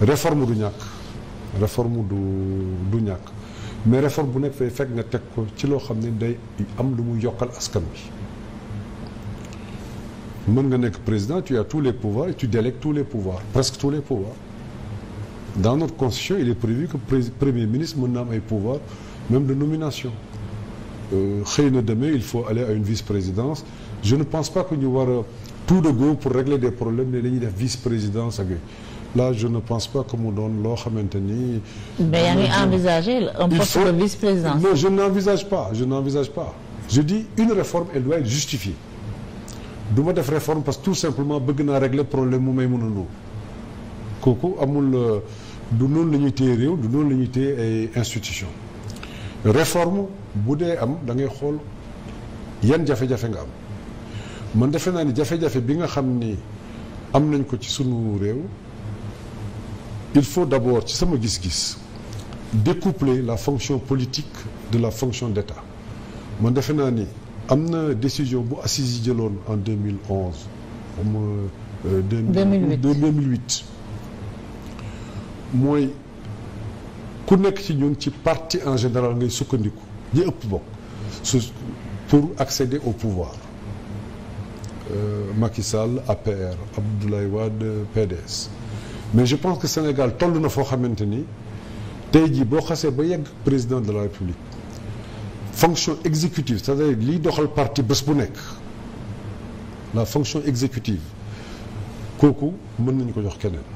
réforme du ñàkk réforme du du ñàkk mais réforme bu nekk fay fekk nga teg ko ci loo xam ne day am lu muy yokkal askan bi mën nga nekk président tu as tous les pouvoirs et tu délègues tous les pouvoirs presque tous les pouvoirs dans notre constitution il est prévu que premier ministre mën na am ay pouvoir même de nomination euh, xëy na demain il faut aller à une vice-présidence je ne pense pas que ñu war tout de go pour régler des problèmes ne dañuy def vice-présidence ak là je ne pense pas que mu doon loo xamante ni. mais yaa ngi envisager un poste faut... de vice-président. non je n'envisage pas je n'envisage pas. je dis une réforme elle doit être justifiée du ma def réforme parce que tout simplement bëgg naa régler problème mu may mën a kooku amul euh, du noonu la ñuy téye réew du noonu la ñuy téye ay institution réforme bu dee am da ngay xool yan jafe-jafe nga am man defe naa ni jafe-jafe bi nga xam ni am nañ ko ci sunu réew. il faut d'abord ci sama gis-gis découpler la fonction politique de la fonction d'État man defe naa ni am na décision bu assise yi jëloon en 2011 am euh, 2008 2008 mooy ku nekk ci ñun ci parti en général ngay sukkandiku ñi ëpp bokk su pour accéder au pouvoir euh, Macky Sall APR Abdoulaye Wade PDS mais je pense que Sénégal toll na foo xamante ni tey jii boo xasee ba yegg président de la République fonction exécutive c'est-à-dire liy doxal parti bés bu nekk la fonction exécutive kooku mën nañu ko jox keneen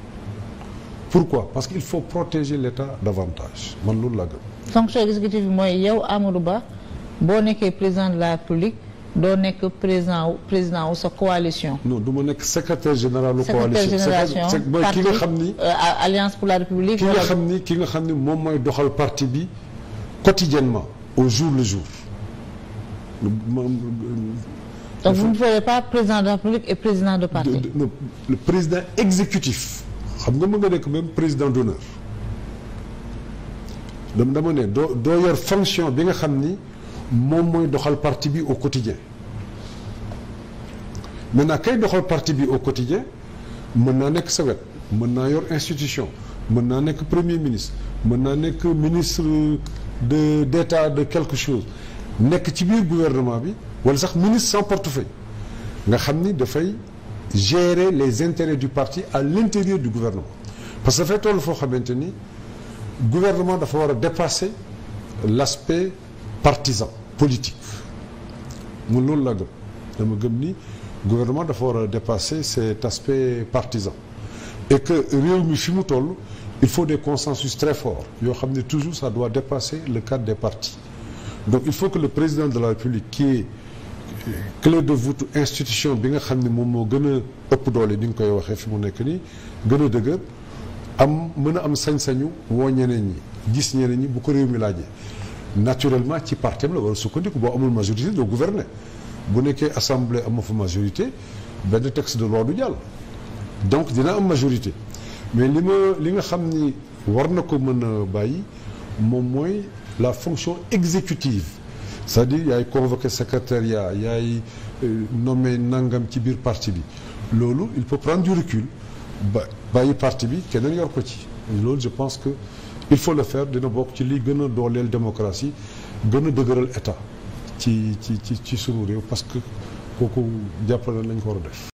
pourquoi parce qu'il faut protéger l'État davantage man loolu laa gëm. fonction exécutive bi mooy yow Amadou Ba boo nekkee président de la République. doo nekk président wu président sa coalition. non du ma nekk secrétaire général. secrétaire général mooy ki nga xam ni. Euh, alliance pour la république. ki nga xam ni ki nga xam ni moom mooy doxal parti bi quotidiennement au jour le jour. donc vous ne ferez pas président de la république et président de parti. non le président xam nga mën nga nekk même président d'honneur dama ne doo doo yor fonction bi nga xam ni. moom mooy doxal parti bi au quotidien maintenant kay doxal parti bi au quotidien mën naa nekk sa wet mën naa yor institution mën naa nekk premier ministre mën naa nekk ministre de d'état de quelque chose nekk ci biir gouvernement bi wala sax ministre sans portefeuille nga xam ni dafay gérer les intérêts du parti à l'intérieur du gouvernement parce que dafay toll foo xamante ni gouvernement dafa war a dépasser l'aspect partisan politique mun loolu laa gëm dama gëm ni gouvernement dafa war a dépasser cet aspect partisan et que réew mi fi mu toll il faut des consensus très forts yoo xam ne toujours ça doit dépasser le cadre de parti donc il faut que le président de la République qui est de voûte institution bi nga xam ne moom moo gën a ëpp doole ni nga koy waxee fi mu nekk nii gën a dëgër am mën a am sañ-sañu woo ñeneen ñi gis ñeneen ñi bu ko réew mi laajee naturellement ci parti am la war a sukkandiku boo amul majorité doo gouverner bu nekkee assemblée amoo fa majorité benn texte de loi du jàll donc dina am majorité mais li li nga xam ni war na ko mën a bàyyi moom mooy la fonction exécutive c'est-à-dire yaay convoqué secrétariat yaay euh, nommé nangam ci biir parti bi loolu il peut prendre du recul bàyyi parti bi keneen yor ko ci loolu je pense que il faut le faire dina bokk ci liy gën a dooleel démocratie gën a dëgëral état ci ci ci ci sunu réew parce que kooku jàppale nañ ko war a def